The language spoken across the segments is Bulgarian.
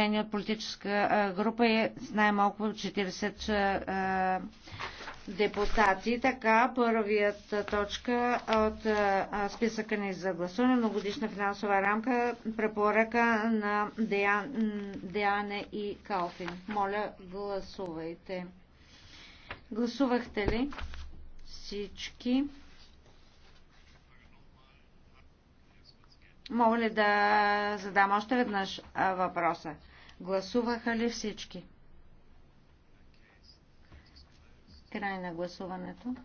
предложение от политическа група и е с най-малко 40 депутати. Така, първият точка от списъка ни за гласуване, многодишна финансова рамка, препоръка на Деяне и Калфин. Моля, гласувайте. Гласувахте ли всички? Мога ли да задам още веднъж въпроса? Гласуваха ли всички? Край на гласуването.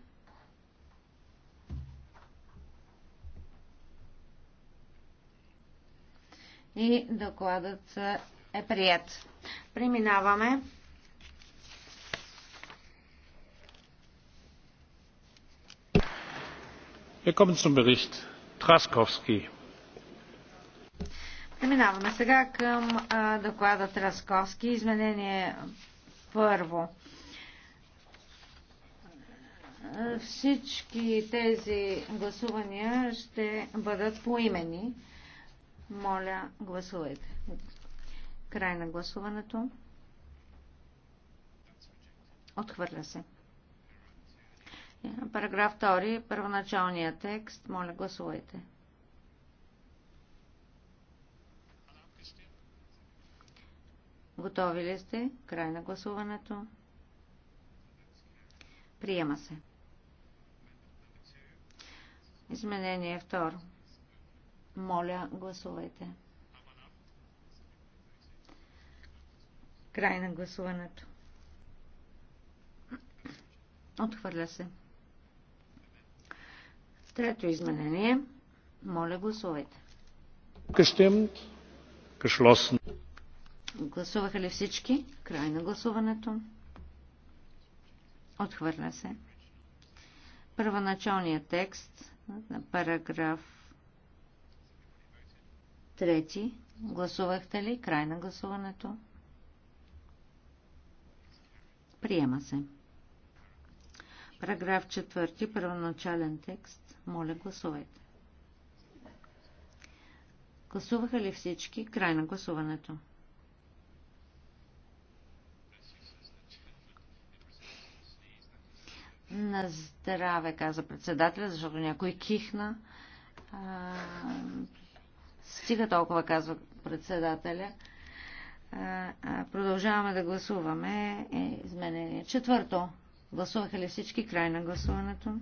И докладът е прият. Преминаваме Wir kommen zum Bericht Traskowski. Преминаваме сега към а, доклада Трасковски. Изменение първо. Всички тези гласувания ще бъдат поимени. Моля, гласувайте. Край на гласуването. Отхвърля се. Параграф 2. Първоначалният текст. Моля, гласувайте. Готови ли сте? Край на гласуването. Приема се. Изменение второ. Моля, гласувайте. Край на гласуването. Отхвърля се. Трето изменение. Моля, гласувайте. Gestimmt. Geschlossen. Гласуваха ли всички? Край на гласуването. Отхвърля се. Първоначалният текст на параграф 3. Гласувахте ли? Край на гласуването. Приема се. Параграф 4. Първоначален текст. Моля, гласувайте. Гласуваха ли всички? Край на гласуването. На здраве, каза председателя, защото някой кихна. А, стига толкова, казва председателя. А, а, продължаваме да гласуваме е, изменение. Четвърто. Гласуваха ли всички? Край на гласуването.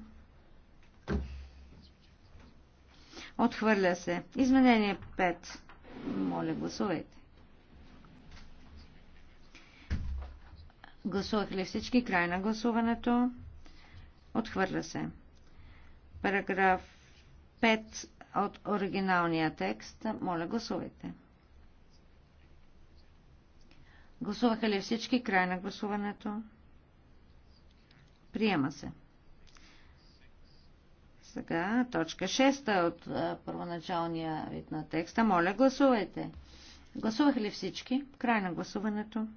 Отхвърля се. Изменение 5. Моля, гласувайте. Гласувах ли всички? Край на гласуването. Отхвърля се. Параграф 5 от оригиналния текст. Моля, гласувайте. Гласуваха ли всички? Край на гласуването. Приема се. Сега точка 6 от а, първоначалния вид на текста. Моля, гласувайте. Гласуваха ли всички? Край на гласуването.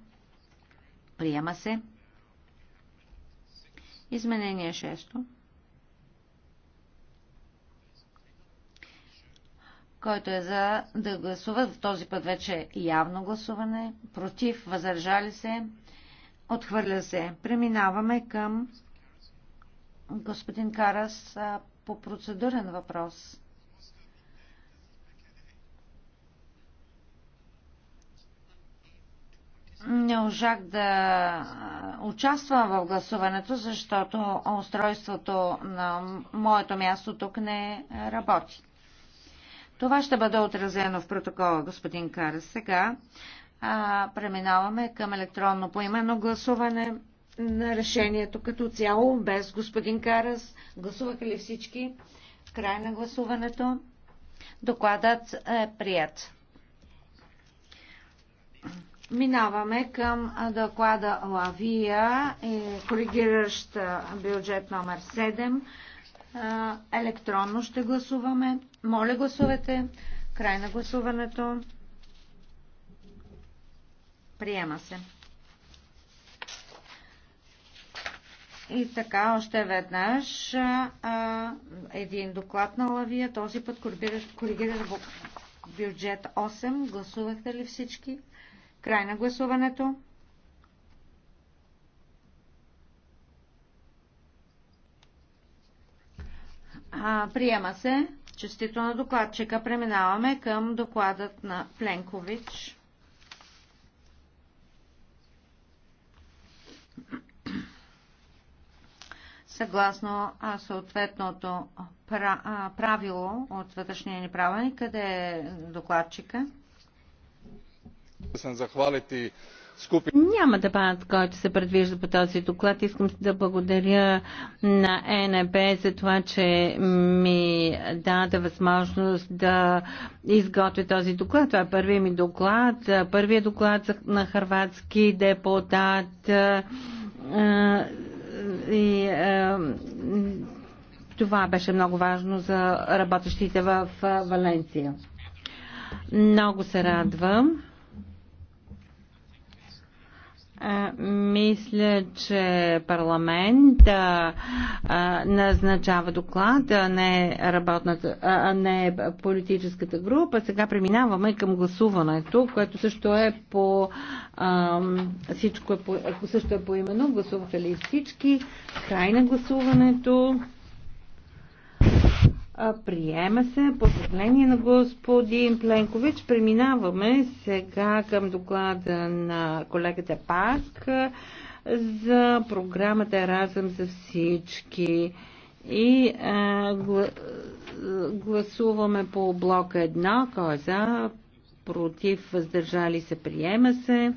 Приема се. Изменение 6. който е за да гласува, в този път вече е явно гласуване, против, възържали се, отхвърля се. Преминаваме към господин Карас по процедурен въпрос. не можах да участвам в гласуването, защото устройството на моето място тук не работи. Това ще бъде отразено в протокола, господин Карас. Сега а, преминаваме към електронно поименно гласуване на решението като цяло, без господин Карас. Гласуваха ли всички? Край на гласуването. Докладът е прият. Минаваме към доклада Лавия, е, коригиращ бюджет номер 7. Електронно ще гласуваме. Моля гласувате. Край на гласуването. Приема се. И така, още веднъж един доклад на Лавия, този път коригираш бюджет 8. Гласувахте ли всички? Край на гласуването. А, приема се. Честито на докладчика. Преминаваме към докладът на Пленкович. Съгласно съответното правило от вътрешния ни правилник, къде е докладчика? Няма дебат, който се предвижда по този доклад. Искам да благодаря на ЕНБ за това, че ми даде възможност да изготвя този доклад. Това е първият ми доклад. Първият доклад на харватски депутат. И, това беше много важно за работещите в Валенция. Много се радвам мисля, че парламент а, а, назначава доклад, а не, работната, а не политическата група. Сега преминаваме към гласуването, което също е по а, всичко е по, също е по именно. Гласуваха ли всички? Край на гласуването. Приема се. Поздравление на господин Пленкович. Преминаваме сега към доклада на колегата Пак за програмата Разъм за всички. И а, гла, гласуваме по блока 1, кой е за, против, въздържали се, приема се.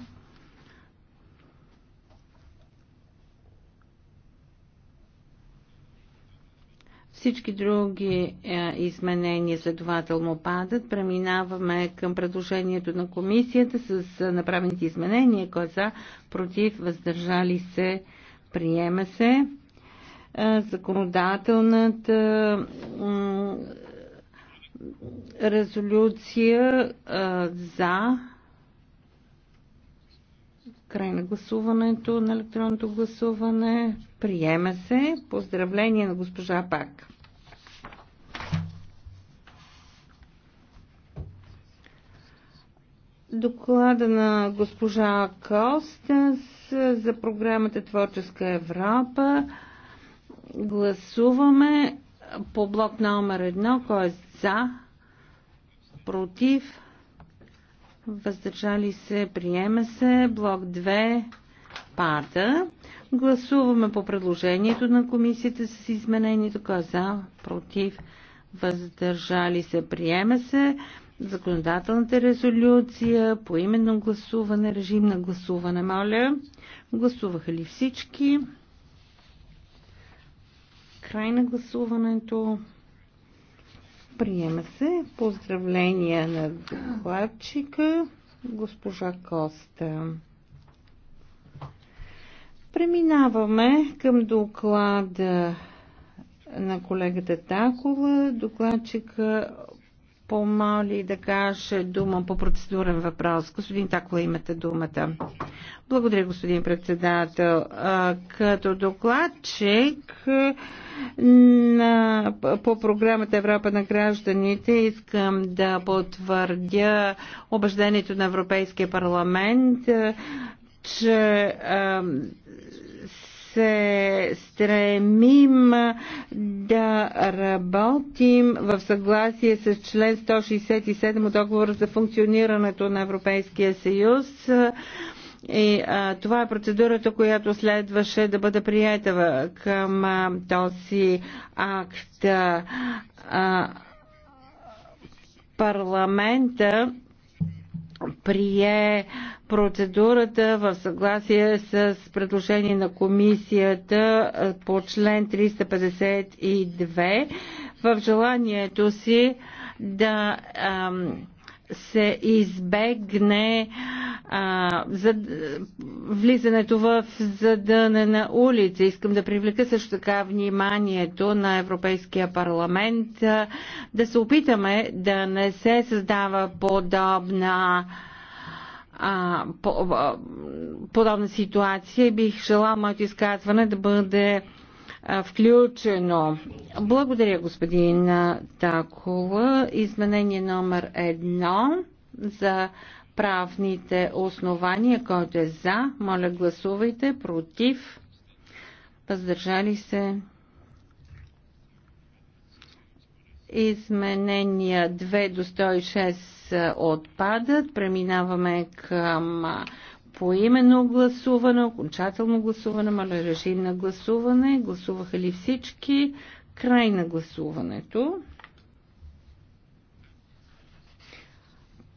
Всички други е, изменения следователно падат. Преминаваме към предложението на комисията с е, направените изменения. Кой е за, против, въздържали се, приема се. Е, законодателната резолюция е, за Край на гласуването, на електронното гласуване. Приема се. Поздравление на госпожа Пак. Доклада на госпожа Костас за програмата Творческа Европа. Гласуваме по блок номер едно, кой е за, против, въздържали се, приема се, блок 2 пада. Гласуваме по предложението на комисията с изменението, Каза е за, против, въздържали се, приема се. Законодателната резолюция, по именно гласуване, режим на гласуване, моля. Гласуваха ли всички? Край на гласуването. Приема се. Поздравления на докладчика, госпожа Коста. Преминаваме към доклада на колегата Такова, докладчика помоли да каже дума по процедурен въпрос. Господин Такла, имате думата. Благодаря, господин председател. Като докладчик на, по програмата Европа на гражданите искам да потвърдя убеждението на Европейския парламент, че се стремим да работим в съгласие с член 167 от договора за функционирането на Европейския съюз. И а, това е процедурата, която следваше да бъде приета към а, този акт. А, парламента прие процедурата в съгласие с предложение на комисията по член 352 в желанието си да ам, се избегне а, за, влизането в задънена улица. Искам да привлека също така вниманието на Европейския парламент а, да се опитаме да не се създава подобна а, а, по, а, подобна ситуация. Бих желал моето изказване да бъде а, включено. Благодаря, господин Такова. Изменение номер едно за правните основания, който е за. Моля, гласувайте. Против. Въздържали се. Изменения 2 до 106 отпадат. Преминаваме към поименно гласуване, окончателно гласуване, маля режим на гласуване. Гласуваха ли всички? Край на гласуването.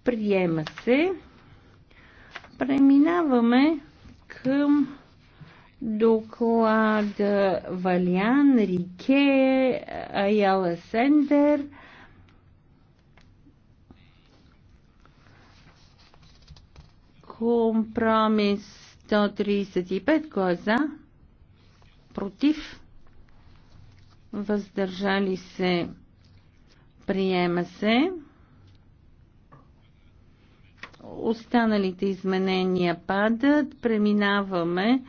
Приема се. Преминаваме към доклада Валян Рике Аяла Сендер – Компромис 135. Кой е за? Против? Въздържали се? Приема се. Останалите изменения падат. Преминаваме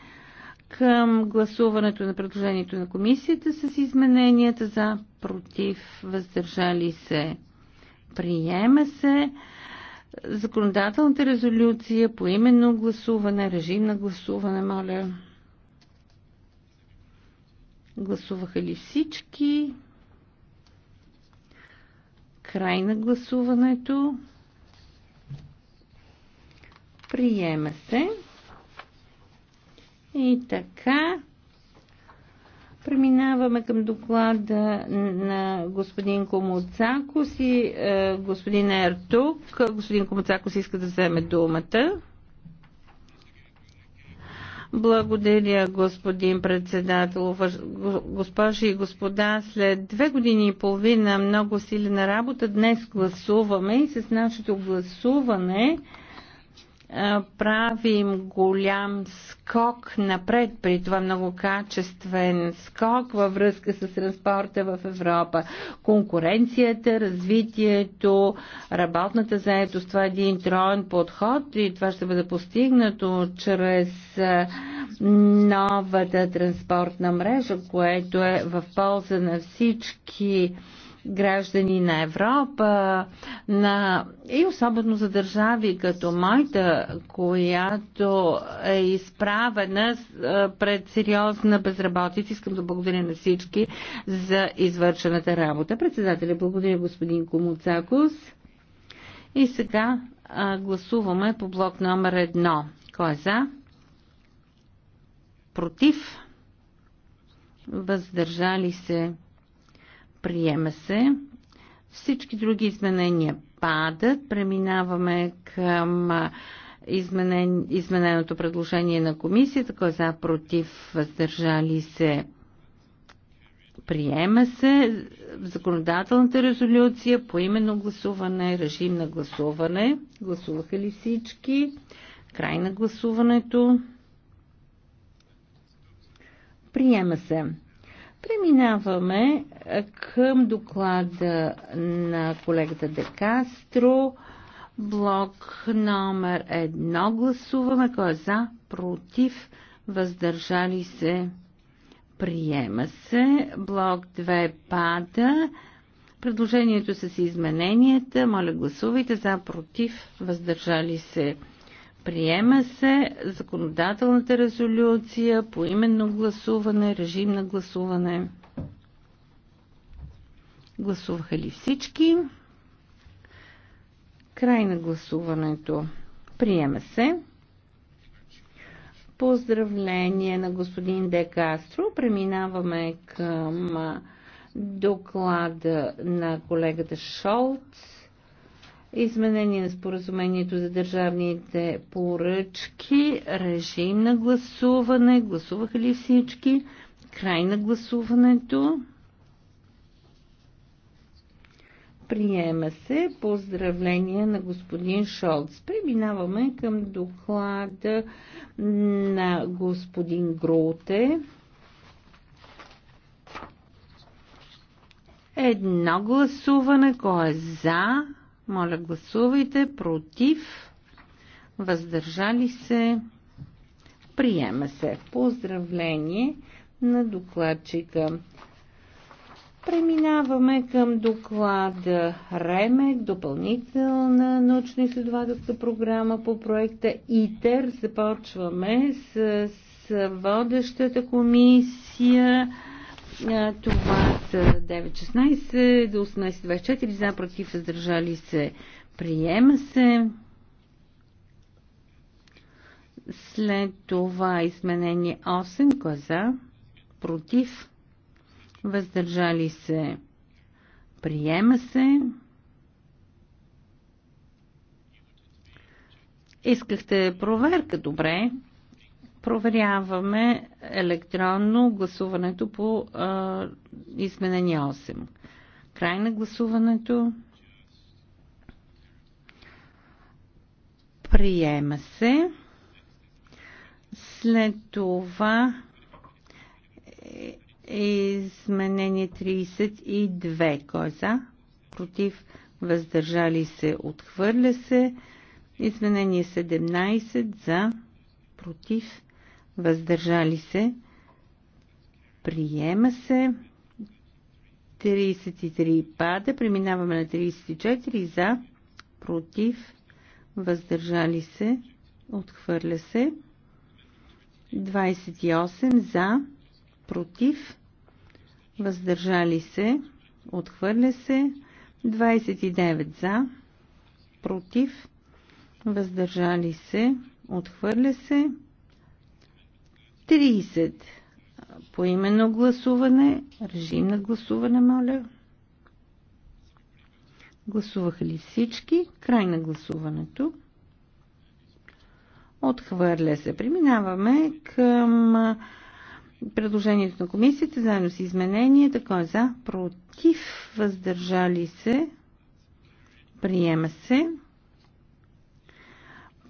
към гласуването на предложението на комисията с измененията за против, въздържали се, приема се законодателната резолюция, по именно гласуване, режим на гласуване, моля. Гласуваха ли всички? Край на гласуването. Приема се. И така. Преминаваме към доклада на господин Комуцакос и е, господин Ертук. Господин Комуцакос иска да вземе думата. Благодаря, господин председател. Госпожи и господа, след две години и половина много силена работа днес гласуваме и с нашето гласуване е, правим голям скок напред, при това многокачествен скок във връзка с транспорта в Европа. Конкуренцията, развитието, работната заедост, това е един троен подход и това ще бъде постигнато чрез е, новата транспортна мрежа, което е в полза на всички граждани на Европа на... и особено за държави като моята, която е изправена пред сериозна безработица. Искам да благодаря на всички за извършената работа. Председателя, благодаря господин Комуцакус. И сега а, гласуваме по блок номер едно. Кой е за? Против? Въздържали се? Приема се. Всички други изменения падат. Преминаваме към изменен, измененото предложение на комисията. Кой е за против въздържали се? Приема се в законодателната резолюция по именно гласуване, режим на гласуване. Гласуваха ли всички? Край на гласуването. Приема се. Преминаваме към доклада на колегата Де Кастро. Блок номер едно гласуваме. Кой е за? Против? Въздържали се? Приема се. Блок 2 пада. Предложението с измененията. Моля гласувайте за, против, въздържали се. Приема се законодателната резолюция по именно гласуване, режим на гласуване. Гласуваха ли всички? Край на гласуването. Приема се. Поздравление на господин Де Кастро. Преминаваме към доклада на колегата Шолц Изменение на споразумението за държавните поръчки. Режим на гласуване. Гласуваха ли всички? Край на гласуването. Приема се. Поздравление на господин Шолц. Преминаваме към доклада на господин Гроте. Едно гласуване. Кой е за? Моля гласувайте против. Въздържали се. Приема се. Поздравление на докладчика. Преминаваме към доклада РЕМЕ, допълнителна научно-изследователска програма по проекта ИТЕР. Започваме с водещата комисия. Това са 9.16 до 18.24 за против въздържали се. Приема се. След това изменение 8 е за? против въздържали се. Приема се. Искахте проверка, добре. Проверяваме електронно гласуването по а, изменение 8. Край на гласуването. Приема се. След това е изменение 32. Кой е за? Против? Въздържали се? Отхвърля се. Изменение 17 за? Против? въздържали се, приема се. 33 пада, преминаваме на 34 за, против, въздържали се, отхвърля се. 28 за, против, въздържали се, отхвърля се. 29 за, против, въздържали се, отхвърля се. 30. По именно гласуване, режим на гласуване, моля. Гласуваха ли всички? Край на гласуването. Отхвърля се. Преминаваме към предложението на комисията, заедно с измененията, кой е за, против, въздържали се, приема се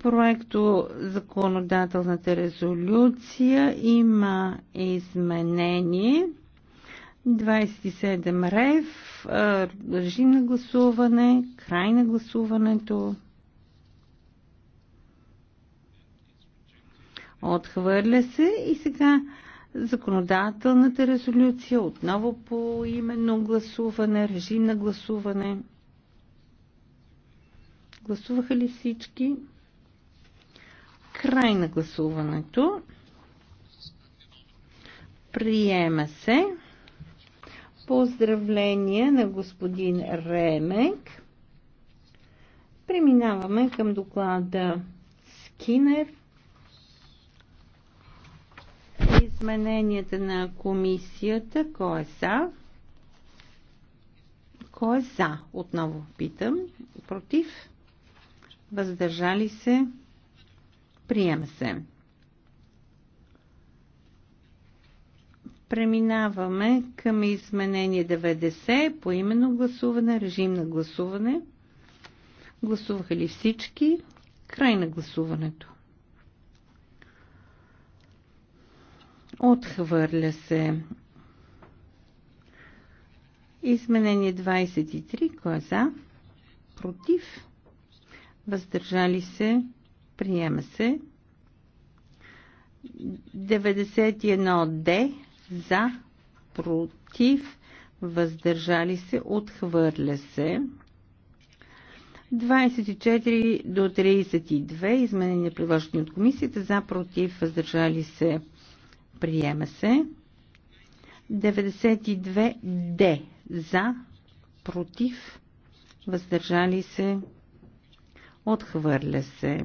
проекто законодателната резолюция има изменение 27 рев, режим на гласуване, край на гласуването. Отхвърля се и сега законодателната резолюция отново по именно гласуване, режим на гласуване. Гласуваха ли всички? Край на гласуването. Приема се. Поздравление на господин Ремек. Преминаваме към доклада Скинер. Измененията на комисията. Кой е за? Кой е за? Отново питам. Против? Въздържали се? Приема се. Преминаваме към изменение 90 по именно гласуване, режим на гласуване. Гласуваха ли всички? Край на гласуването. Отхвърля се. Изменение 23. Кой е за? Против? Въздържали се? Приема се. 91D за, против, въздържали се, отхвърля се. 24 до 32 изменения предложени от комисията за, против, въздържали се, приема се. 92 Д за, против, въздържали се, отхвърля се.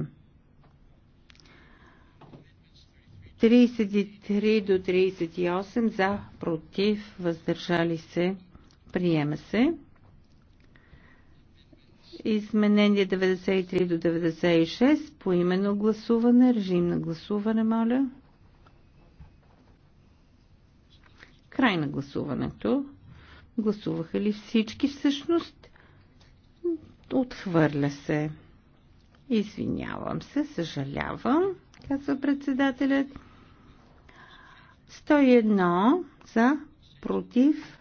33 до 38 за, против, въздържали се, приема се. Изменение 93 до 96 по именно гласуване, режим на гласуване, моля. Край на гласуването. Гласуваха ли всички всъщност? Отхвърля се. Извинявам се, съжалявам, казва председателят. 101 за против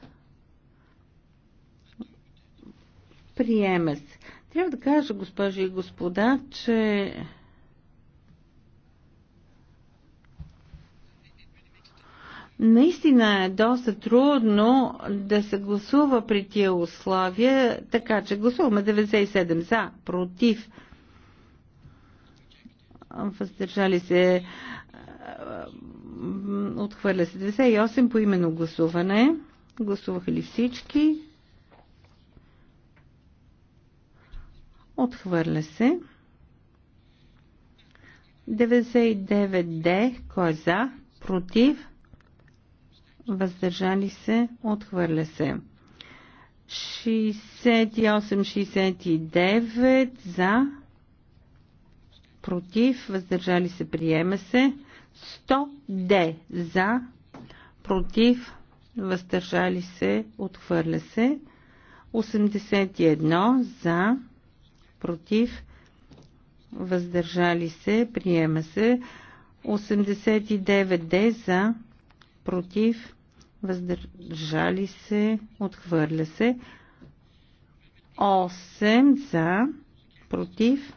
Приеме се. Трябва да кажа, госпожи и господа, че Наистина е доста трудно да се гласува при тия условия, така че гласуваме 97 за, против, въздържали се Отхвърля се 98 по именно гласуване. Гласуваха ли всички? Отхвърля се. 99 д Кой е за? Против? Въздържали се? Отхвърля се. 68-69 за. Против? Въздържали се? Приема се. 100 де за, против, въздържали се, отхвърля се. 81 за, против, въздържали се, приема се. 89 де за, против, въздържали се, отхвърля се. 8 за, против,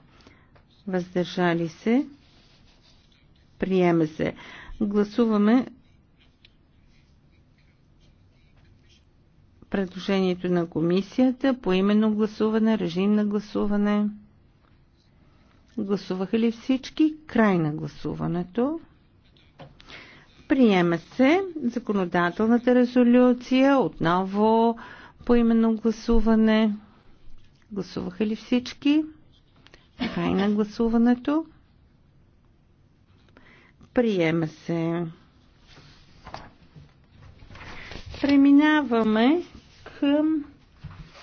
въздържали се, Приема се. Гласуваме предложението на комисията по именно гласуване, режим на гласуване. Гласуваха ли всички? Край на гласуването. Приема се законодателната резолюция, отново по именно гласуване. Гласуваха ли всички? Край на гласуването. Приема се. Преминаваме към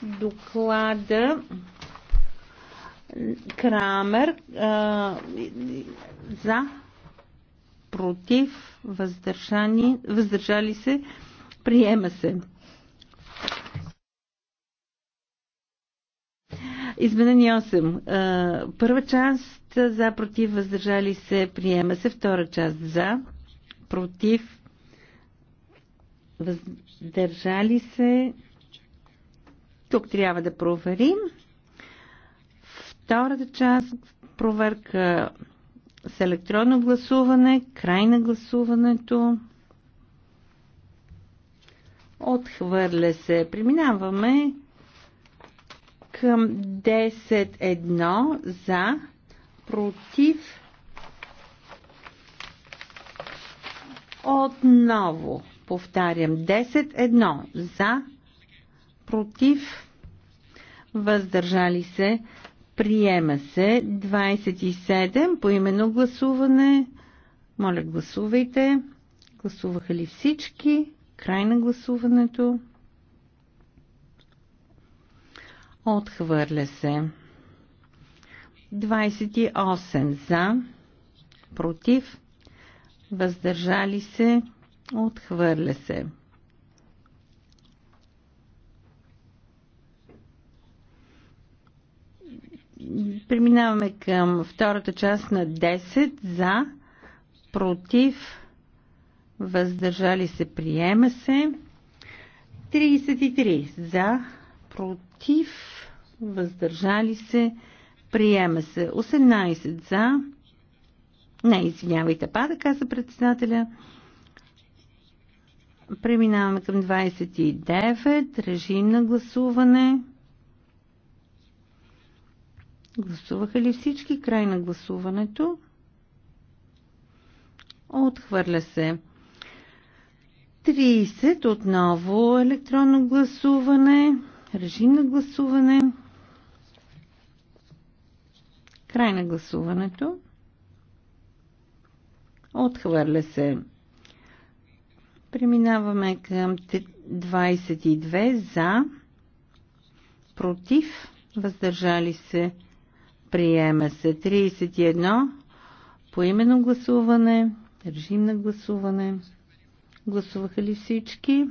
доклада Крамер а, за против въздържани, въздържали се приема се. Изменени 8. Първа част за, против, въздържали се, приема се. Втора част за, против, въздържали се. Тук трябва да проверим. Втората част проверка с електронно гласуване, край на гласуването. Отхвърля се. Преминаваме към 10.1 за, против, отново, повтарям, 10.1 за, против, въздържали се, приема се 27 по именно гласуване. Моля, гласувайте. Гласуваха ли всички? Край на гласуването. Отхвърля се. 28 за, против, въздържали се, отхвърля се. Преминаваме към втората част на 10 за, против, въздържали се, приема се. 33 за, против против, въздържали се, приема се 18 за. Не, извинявайте, пада, каза председателя. Преминаваме към 29. Режим на гласуване. Гласуваха ли всички? Край на гласуването. Отхвърля се. 30. Отново електронно гласуване. Режим на гласуване. Край на гласуването. Отхвърля се. Преминаваме към 22 за, против, въздържали се, приема се 31, Поимено гласуване, режим на гласуване. Гласуваха ли всички?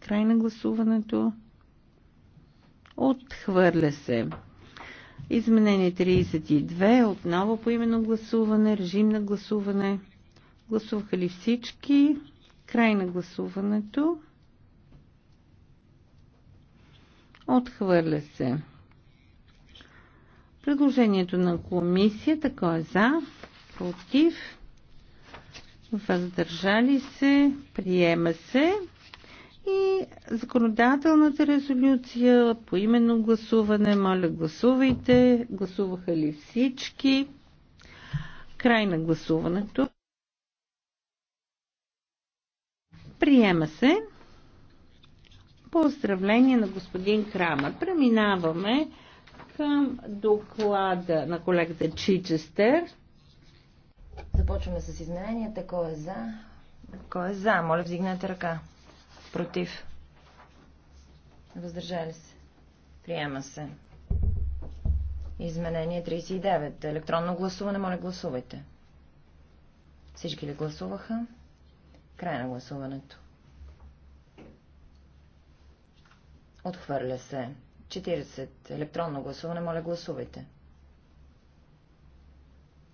Край на гласуването. Отхвърля се. Изменение 32. Отново по именно гласуване. Режим на гласуване. Гласуваха ли всички? Край на гласуването. Отхвърля се. Предложението на комисията, кой е за, против, въздържали се, приема се. И законодателната резолюция по именно гласуване. Моля, гласувайте. Гласуваха ли всички? Край на гласуването. Приема се. Поздравление на господин Крама. Преминаваме към доклада на колегата Чичестер. Започваме с измененията. Кой е за? Кой е за? Моля, вдигнете ръка. Против. Въздържали се. Приема се. Изменение 39. Електронно гласуване. Моля, гласувайте. Всички ли гласуваха? Край на гласуването. Отхвърля се. 40. Електронно гласуване. Моля, гласувайте.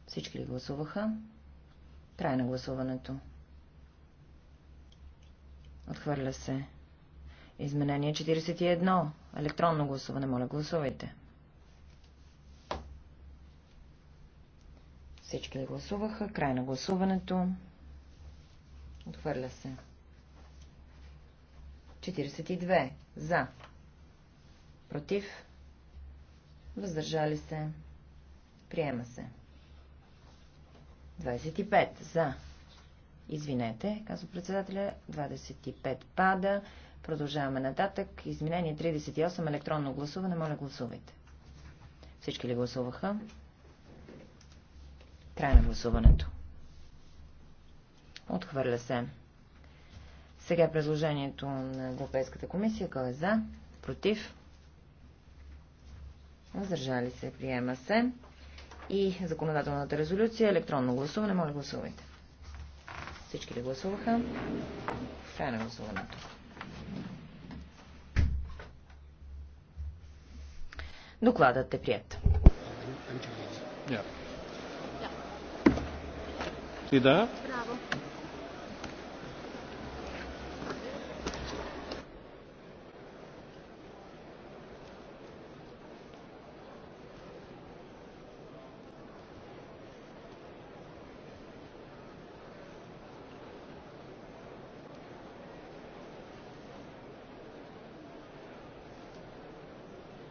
Всички ли гласуваха? Край на гласуването. Отхвърля се. Изменение 41. Електронно гласуване. Моля, гласувайте. Всички ли гласуваха? Край на гласуването. Отхвърля се. 42. За. Против. Въздържали се. Приема се. 25. За. Извинете, казва председателя. 25 пада. Продължаваме нататък. Изменение 38. Електронно гласуване. Моля, гласувайте. Всички ли гласуваха? Край на гласуването. Отхвърля се. Сега е предложението на Европейската комисия. Кой е за? Против? Въздържали се. Приема се. И законодателната резолюция. Електронно гласуване. Моля, гласувайте. Всички ли гласуваха? Край на гласуването. Докладът е прият. Yeah. Yeah. И да? Браво.